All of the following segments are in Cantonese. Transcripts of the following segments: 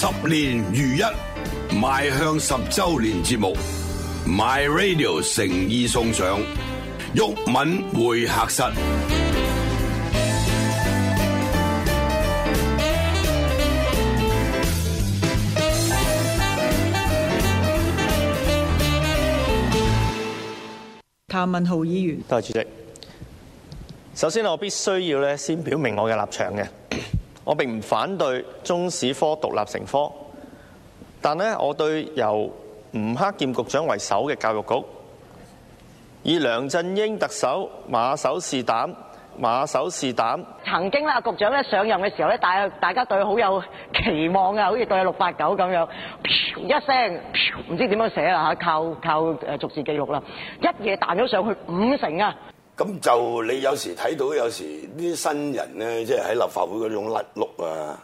十年如一，邁向十周年節目，My Radio 誠意送上。毓民會客室，譚文豪議員，多謝主席。首先，我必須要咧，先表明我嘅立場嘅。我並唔反對中史科獨立成科，但呢，我對由吳克儉局長為首嘅教育局，以梁振英特首馬首是瞻，馬首是瞻。曾經啦，局長咧上任嘅時候咧，大大家對佢好有期望啊，好似對佢六八九咁樣，一聲唔知點樣寫啦嚇，靠靠誒逐字記錄啦，一夜彈咗上去五成啊！咁就你有時睇到，有時啲新人咧，即係喺立法會嗰種甩碌啊，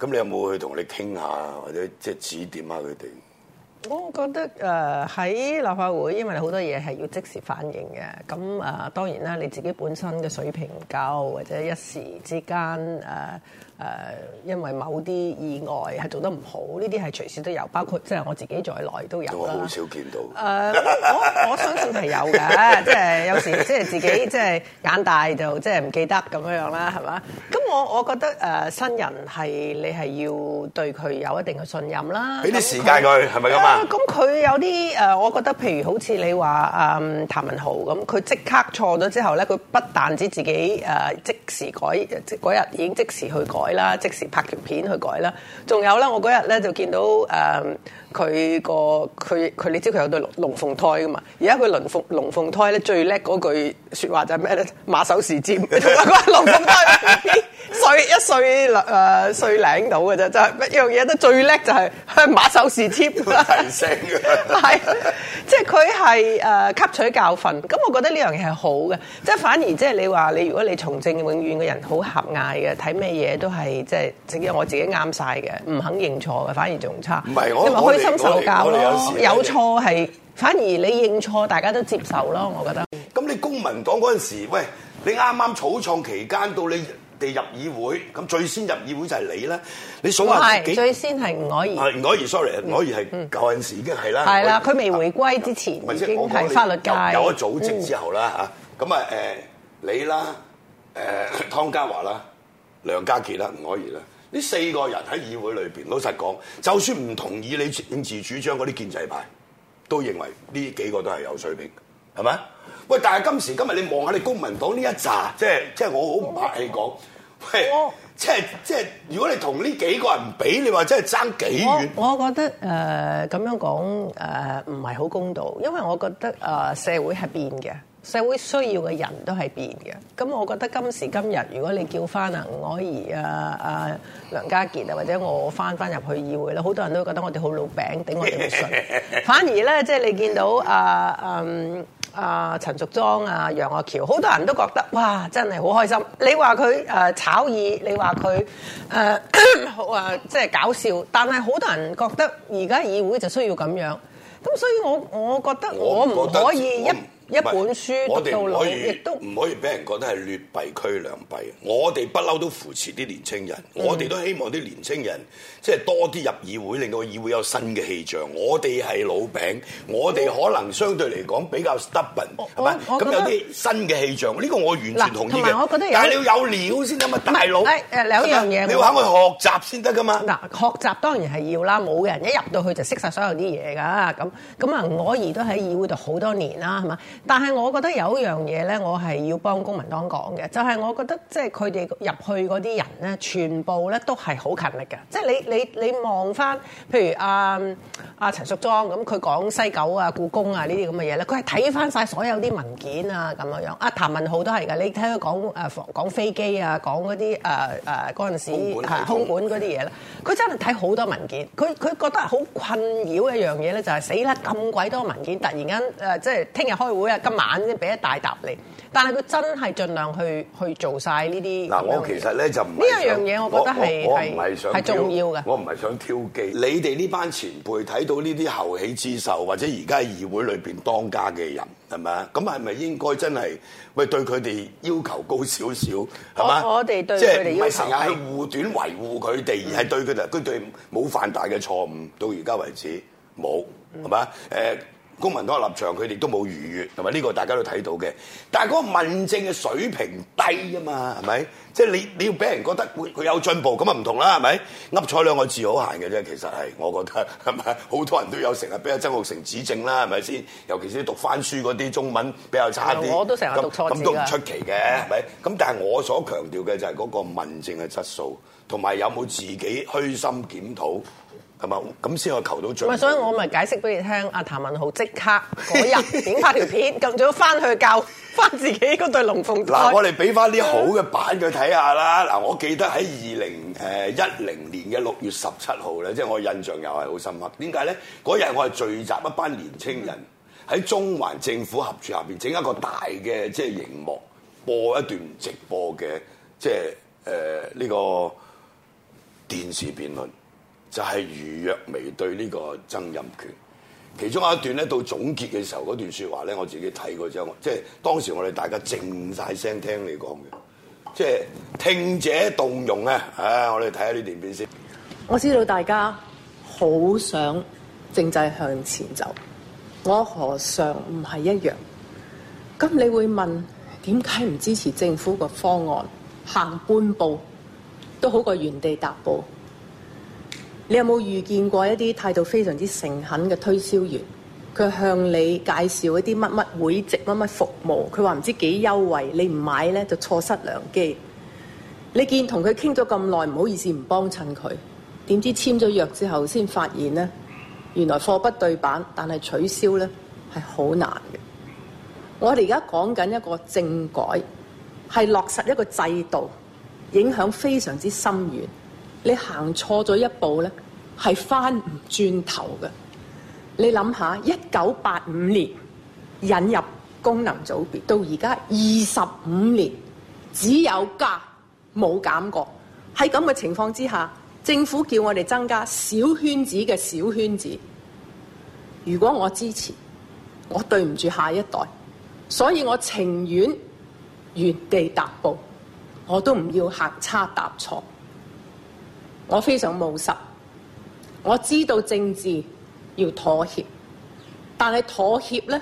咁你有冇去同你傾下，或者即係指點下佢哋？我覺得喺、呃、立法會，因為好多嘢係要即時反應嘅，咁誒、呃、當然啦，你自己本身嘅水平唔夠，或者一時之間、呃誒、呃，因為某啲意外係做得唔好，呢啲係隨時都有，包括即係我自己在內都有，有我好少見到。誒、呃，我我，我相信係有嘅， 即係有時即係自己即係眼大就即係唔記得咁樣樣啦，係嘛？咁我我覺得誒、呃、新人係你係要對佢有一定嘅信任啦，俾啲給你 他時間佢係咪咁啊？咁佢、呃、有啲誒、呃，我覺得譬如好似你話啊、呃、譚文豪咁，佢即刻錯咗之後咧，佢不但止自己誒即時改，即嗰日已經即時去改。嗯啦，即時拍條片去改啦，仲有咧，我嗰日咧就見到誒。佢個佢佢，你知佢有對龍鳳胎噶嘛？而家佢龍鳳龍鳳胎咧最叻嗰句説話就係咩咧？馬首是瞻，佢話龍鳳胎，歲一歲兩誒歲領到嘅啫，就係一樣嘢都最叻就係向馬首是瞻啦。 即係佢係誒吸取教訓，咁我覺得呢樣嘢係好嘅，即係反而即係你話你如果你從政永遠嘅人好狹隘嘅，睇咩嘢都係即係只有我自己啱晒嘅，唔肯認錯嘅，反而仲差。唔係我心受教咯，有錯係反而你認錯，大家都接受咯，我覺得。咁、嗯、你公民黨嗰陣時候，喂，你啱啱草創期間到你哋入議會，咁最先入議會就係你啦。你數下係最先係吳靄儀，係吳靄儀，sorry，吳靄儀。係舊陣時已經係啦。係、嗯、啦，佢未的回歸之前已經係法律界。有咗組織之後啦，吓咁、嗯、啊，誒、呃，你啦，誒、呃，湯家驊啦，梁家傑啦，吳靄儀啦。呢四個人喺議會裏邊，老實講，就算唔同意你政治主張嗰啲建制派，都認為呢幾個都係有水平嘅，係咪？喂，但係今時今日你望下你公民黨呢一紮，即係即係我好唔客氣講，喂，哦、即係即係，如果你同呢幾個人比，你話真係爭幾遠？我覺得誒咁、呃、樣講誒唔係好公道，因為我覺得誒、呃、社會係變嘅。社會需要嘅人都係變嘅，咁我覺得今時今日，如果你叫翻啊吳靄儀啊、啊梁家傑，啊，或者我翻翻入去議會咧，好多人都覺得我哋好老餅，頂我哋唔順。 反而咧，即係你見到啊嗯啊，啊陳淑莊啊、楊岳橋好多人都覺得哇，真係好開心。你話佢誒炒議，你話佢好即係搞笑，但係好多人覺得而家議會就需要咁樣。咁所以我我覺得我唔可以一。一本書我哋可以都唔可以俾人覺得係劣幣驅良幣。我哋不嬲都扶持啲年青人，我哋都希望啲年青人即係多啲入議會，令到議會有新嘅氣象。我哋係老餅，我哋可能相對嚟講比較 stubborn，咁有啲新嘅氣象，呢、呢個我完全同意嘅。我覺得但係你要有料先得嘛，大佬。嘢、哎，你要肯去學習先得噶嘛。嗱、哎，學習當然係要啦，冇人一入到去就識晒所有啲嘢㗎。咁咁啊，我而都喺議會度好多年啦，係嘛？但係我覺得有一樣嘢咧，我係要幫公民黨講嘅，就係我覺得即係佢哋入去嗰啲人咧，全部咧都係好勤力嘅。即係你你你望翻，譬如啊阿陳淑莊咁，佢講西九啊、故宮啊呢啲咁嘅嘢咧，佢係睇翻晒所有啲文件啊咁樣樣啊譚文浩都係㗎，你睇佢講誒講飛機啊，講嗰啲誒誒陣時時空管嗰啲嘢啦，佢真係睇好多文件。佢佢覺得好困擾一樣嘢咧，就係、是、死甩咁鬼多文件，突然間誒、呃、即係聽日開會。今晚先俾一大答你，但係佢真係盡量去去做晒呢啲。嗱，我其實咧就唔係呢一樣嘢，我覺得係係係重要嘅。我唔係想挑機。你哋呢班前輩睇到呢啲後起之秀，或者而家議會裏邊當家嘅人，係咪啊？咁係咪應該真係喂對佢哋要求高少少？係嘛？我我哋即係唔係成日去護短維護佢哋，嗯、而係對佢哋佢對冇犯大嘅錯誤。到而家為止冇係嘛？誒。公民黨立場佢哋都冇逾越，同埋呢個大家都睇到嘅。但嗰個問政嘅水平低啊嘛，係咪？即係你你要俾人覺得佢有進步，咁啊唔同啦，係咪？噏錯兩個字好閒嘅啫，其實係，我覺得係咪？好多人都有成日俾阿曾鈺成指正啦，係咪先？尤其是讀翻書嗰啲中文比較差啲，我都成日讀錯，咁都唔出奇嘅，係咪？咁但係我所強調嘅就係嗰個問政嘅質素，同埋有冇自己虛心檢討。係咁先可以求到最所以我咪解釋俾你聽。阿譚文豪即刻嗰日影拍條片，咁 早翻去教翻自己嗰對龍鳳胎嗱， 我哋俾翻啲好嘅版佢睇下啦。嗱，我記得喺二零誒一零年嘅六月十七號咧，即係我印象又係好深刻。點解咧？嗰日我係聚集一班年青人喺中環政府合署下面整一個大嘅即係熒幕播一段直播嘅即係誒呢個電視辯論。就係余若薇對呢個曾蔭權，其中一段咧到總結嘅時候嗰段説話咧，我自己睇過之後，即係當時我哋大家靜晒聲聽你講嘅，即係聽者動容啊！啊，我哋睇下呢段片先。我知道大家好想政制向前走，我何嘗唔係一樣？咁你會問點解唔支持政府個方案？行半步都好過原地踏步。你有冇遇見過一啲態度非常之誠懇嘅推銷員？佢向你介紹一啲乜乜會籍乜乜服務，佢話唔知幾優惠，你唔買咧，就錯失良機。你見同佢傾咗咁耐，唔好意思唔幫襯佢，點知簽咗約之後先發現咧，原來貨不對版，但係取消咧係好難嘅。我哋而家講緊一個政改係落實一個制度，影響非常之深遠。你行錯咗一步咧，係翻唔轉頭嘅。你諗下，一九八五年引入功能組別，到而家二十五年，只有加冇減過。喺咁嘅情況之下，政府叫我哋增加小圈子嘅小圈子。如果我支持，我對唔住下一代，所以我情願原地踏步，我都唔要行差踏錯。我非常務實，我知道政治要妥協，但係妥協咧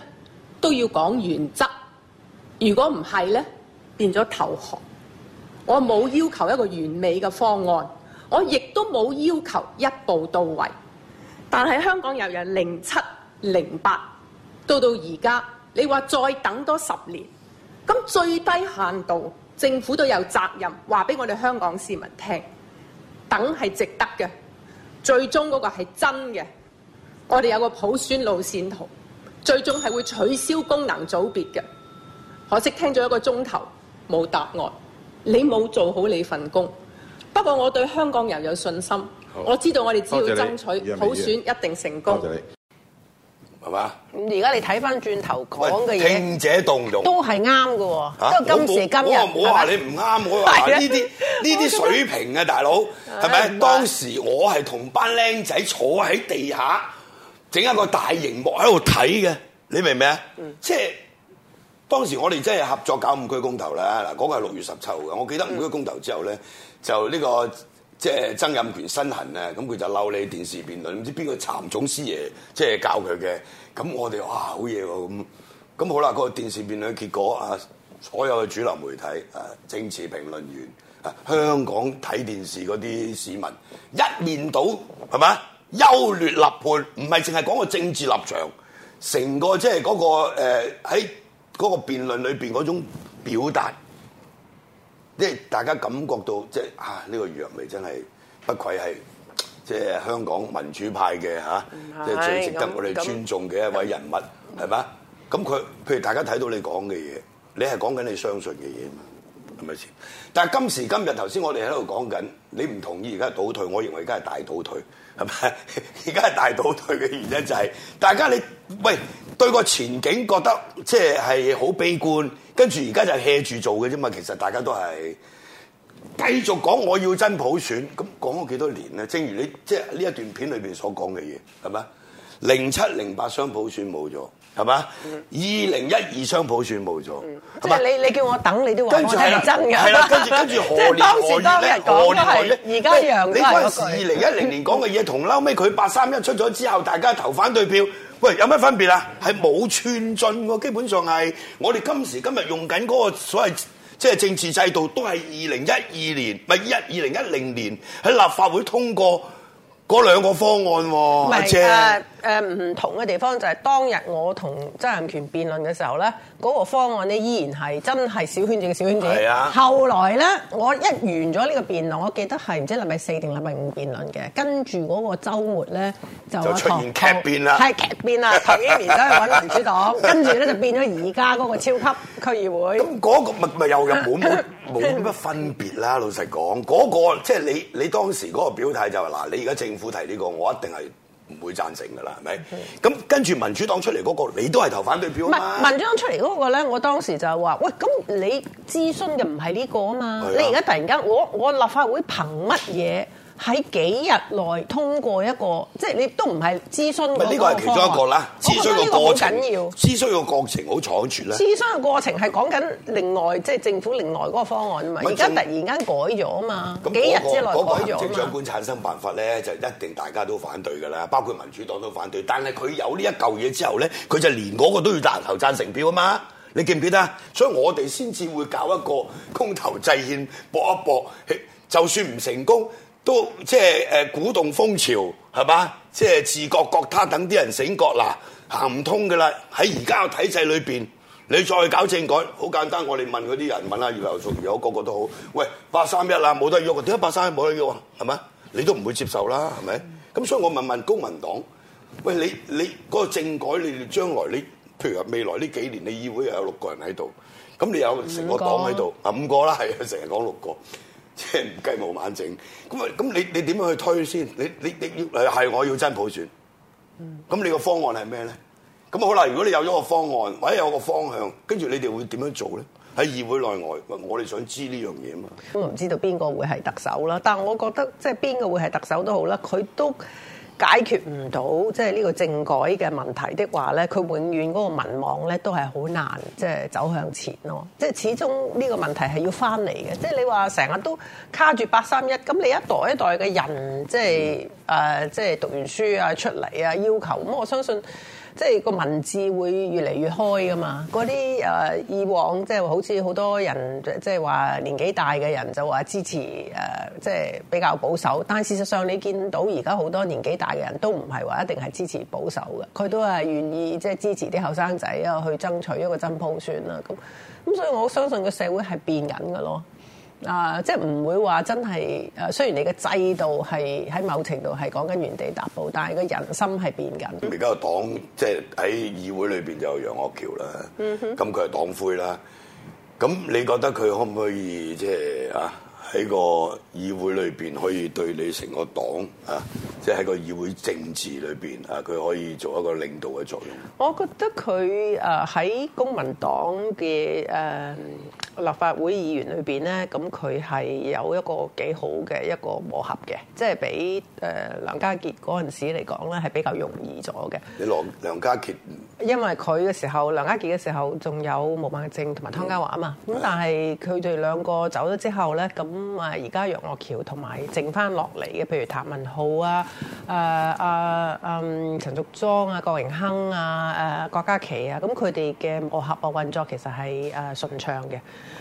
都要講原則。如果唔係咧，變咗投降。我冇要求一個完美嘅方案，我亦都冇要求一步到位。但係香港由由零七零八到到而家，你話再等多十年，咁最低限度政府都有責任話俾我哋香港市民聽。等係值得嘅，最終嗰個係真嘅。我哋有個普選路線圖，最終係會取消功能組別嘅。可惜聽咗一個鐘頭，冇答案。你冇做好你份工。不過我對香港人有信心，好我知道我哋只要爭取謝謝你，議員，普選一定成功。謝謝。係嘛？而家你睇翻轉頭講嘅嘢，聽者動容都係啱嘅。吓，今時今日我唔好話你唔啱，我話呢啲呢啲水平呀大佬，係咪？當時我係同班僆仔坐喺地下，整一個大熒幕喺度睇嘅，你明唔明啊？嗯，即係當時我哋真係合作搞五區公投啦。嗱，嗰個係六月十七號嘅，我記得五區公投之後咧，就呢個。即係曾蔭權身痕咧，咁佢就嬲你電視辯論，唔知邊個蔣總師爺即係、就是、教佢嘅。咁我哋哇好嘢喎咁。咁好啦，個電視辯論結果啊，所有嘅主流媒體、啊政治評論員、香港睇電視嗰啲市民，一面倒係咪啊？優劣立判，唔係淨係講個政治立場，成個即係嗰個喺嗰個辯論裏面嗰種表達。即係大家感覺到，即係啊，呢個余若薇真係不愧係即係香港民主派嘅嚇，即係最值得我哋尊重嘅一位人物，係嘛？咁佢譬如大家睇到你講嘅嘢，你係講緊你相信嘅嘢嘛？係咪先？但係今時今日，頭先我哋喺度講緊，你唔同意而家倒退，我認為而家係大倒退，係咪？而家係大倒退嘅原因就係大家你喂。對個前景覺得即係好悲觀，跟住而家就 hea 住做嘅啫嘛。其實大家都係繼續講我要真普選，咁講咗幾多年咧？正如你即係呢一段片裏邊所講嘅嘢係咪？零七零八雙普選冇咗係咪？二零一二雙普選冇咗，即係、嗯、吧你你叫我等你都話，我後的真嘅係啦。跟住跟住，何年何年 當時你當日講嘅係而家一樣，你嗰陣時二零一零年講嘅嘢，同後尾佢八三一出咗之後，大家投反對票。喂，有咩分別啊？係冇寸進喎，基本上係我哋今時今日用緊嗰個所謂即係政治制度，都係二零一二年，唔係一二零一零年喺立法會通過嗰兩個方案喎，的阿姐。誒唔同嘅地方就係、是、當日我同曾蔭權辯論嘅時候咧，嗰、那個方案咧依然係真係小圈子嘅小圈子。係啊！後來咧，我一完咗呢個辯論，我記得係唔知禮拜四定禮拜五辯論嘅，跟住嗰個週末咧就就出現劇變啦，係劇變啦！頭幾年走去搵民主黨，跟住咧就變咗而家嗰個超級區議會。咁嗰、 那個咪咪又日本冇乜分別啦，老實講，嗰、那個即係你你當時嗰個表態就係、是、嗱，你而家政府提呢、這個，我一定係。唔會贊成噶啦，係咪？咁、嗯、跟住民主黨出嚟嗰個，你都係投反對票。唔民主黨出嚟嗰、那個咧，我當時就話，喂，咁你諮詢嘅唔係呢個啊嘛？的你而家突然間，我我立法會憑乜嘢？喺幾日內通過一個，即係你都唔係諮詢。呢個係其中一個啦，諮詢個過程，諮詢個，個過程好倉卒啦。諮詢這個過程係講緊另外，即係政府另外嗰個方案啊嘛。而家這這突然間改咗啊嘛，嗯、幾日之內改咗嘛。行政長官產生辦法咧，就一定大家都反對㗎啦，包括民主黨都反對。但係佢有呢一嚿嘢之後咧，佢就連嗰個都要彈頭贊成票啊嘛。你記唔記得？所以我哋先至會搞一個公投制憲搏一搏，就算唔成功。都即係誒鼓動風潮係嘛？即係自覺覺他等啲人醒覺啦，行唔通嘅啦。喺而家嘅體制裏面，你再搞政改，好簡單。我哋問嗰啲人問下葉劉淑儀我個個都好。喂，八三一啦，冇得喐，點解八三一冇得喐？係咪？你都唔會接受啦，係咪？咁、嗯、所以我問問公民黨，喂你你個、嗰個政改，你哋將來你譬如話未來呢幾年，你議會又有六個人喺度，咁你有成個黨喺度，啊五個啦，係成日講六個。即係唔計冇漫整，咁啊咁你你點樣去推先？你你你要係我要真普選，咁、嗯、你個方案係咩咧？咁好啦，如果你有咗個方案或者有一個方向，跟住你哋會點樣做咧？喺議會內外，我哋想知呢樣嘢啊嘛。我唔知道邊個會係特首啦，但係我覺得即係邊個會係特首都好啦，佢都，解決唔到即係呢個政改嘅問題的話呢，佢永遠嗰個民望呢都係好難即係走向前咯。即係始終呢個問題係要翻嚟嘅。即係你話成日都卡住八三一，咁你一代一代嘅人即係誒即係讀完書啊出嚟啊要求，咁我相信。即係個文字會越嚟越開噶嘛，嗰啲，誒以往即係，就是，好似好多人即係話年紀大嘅人就話支持誒，即、呃、係、就是，比較保守。但事實上你見到而家好多年紀大嘅人都唔係話一定係支持保守嘅，佢都係願意即係支持啲後生仔啊去爭取一個真普選啦。咁咁所以我相信個社會係變緊㗎咯。啊、呃，即係唔會話真係，誒，雖然你嘅制度係喺某程度係講緊原地踏步，但係個人心係變緊。而家個黨即係喺議會裏面就有楊岳橋啦，咁佢係黨魁啦，咁你覺得佢可唔可以即係啊？就係喺個議會裏邊可以對你成個黨啊，即係喺個議會政治裏邊啊，佢可以做一個領導嘅作用。我覺得佢啊喺公民黨嘅誒立法會議員裏邊咧，咁佢係有一個幾好嘅一個磨合嘅，即係比誒梁家傑嗰陣時嚟講咧係比較容易咗嘅。你梁梁家傑？因為佢嘅時候，梁家傑嘅時候仲有毛孟靜同埋湯家驊啊嘛，咁但係佢哋兩個走咗之後咧，咁啊而家楊岳橋同埋剩翻落嚟嘅，譬如譚文豪啊、誒、呃、啊、嗯陳淑莊啊、郭榮鏗啊、誒郭家麒啊，咁佢哋嘅磨合嘅運作其實係誒順暢嘅。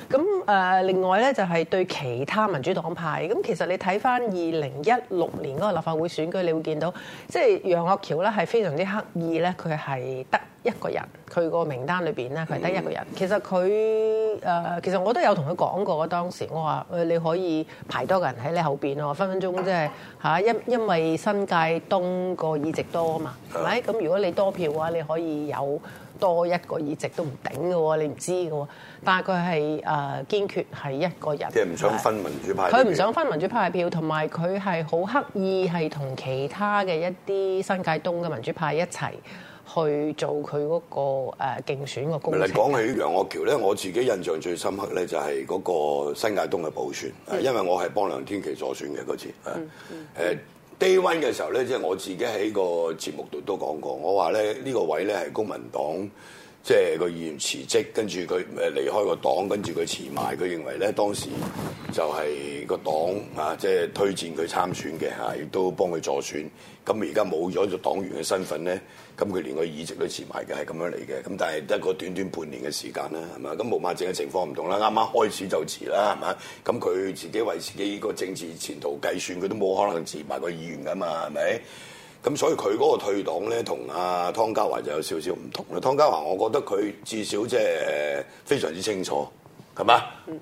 咁誒另外咧就係對其他民主黨派，咁其實你睇翻二零一六年嗰個立法會選舉，你會見到即係楊岳橋咧係非常之刻意咧，佢係得，一個人，佢個名單裏邊咧，佢係得一個人。嗯、其實佢誒、呃，其實我都有同佢講過。當時我話誒、呃，你可以排多個人喺你後邊囉，分分鐘即係嚇。因、啊、因為新界東個議席多啊嘛，係咪？咁如果你多票嘅話，你可以有多一個議席都唔頂嘅喎，你唔知㗎喎。但係佢係誒堅決係一個人，即係唔想分民主派票。佢唔想分民主派票，同埋佢係好刻意係同其他嘅一啲新界東嘅民主派一齊。.去做佢嗰個誒競選個工作。你講起楊岳橋咧，我自己印象最深刻咧就係嗰個新界東嘅補選，因為我係幫梁天琦助選嘅嗰次。誒、嗯嗯、Day One 嘅時候咧，即係我自己喺個節目度都講過，我話咧，呢個位咧係公民黨。即係個議員辭職，跟住佢誒離開個黨，跟住佢辭埋。佢認為咧當時就係個黨啊，即係推薦佢參選嘅嚇，亦都幫佢助選。咁而家冇咗個黨員嘅身份咧，咁佢連個議席都辭埋嘅，係咁樣嚟嘅。咁但係得個短短半年嘅時間啦，係嘛？咁毛孟靜嘅情況唔同啦，啱啱開始就辭啦，係嘛？咁佢自己為自己個政治前途計算，佢都冇可能辭埋個議員噶嘛，係咪？咁所以佢嗰個退黨咧，同阿湯家華就有少少唔同啦。湯家華，我覺得佢至少即係非常之清楚，係嘛？嗯、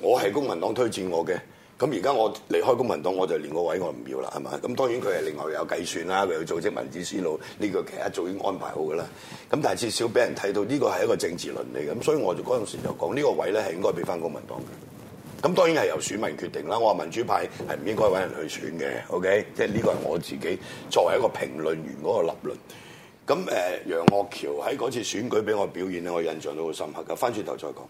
我係公民黨推薦我嘅，咁而家我離開公民黨，我就連個位我唔要啦，係嘛？咁當然佢係另外有計算啦，佢有組織民主思路呢、呢個其實早已安排好噶啦。咁但係至少俾人睇到呢個係一個政治倫理。咁所以我就嗰陣時就講，呢、呢個位咧係應該俾翻公民黨嘅。咁當然係由選民決定啦。我話民主派係唔應該揾人去選嘅，OK？即係呢個係我自己作為一個評論員嗰個立論。咁誒，楊岳橋喺嗰次選舉俾我表現咧，我印象都好深刻嘅。翻轉頭再講。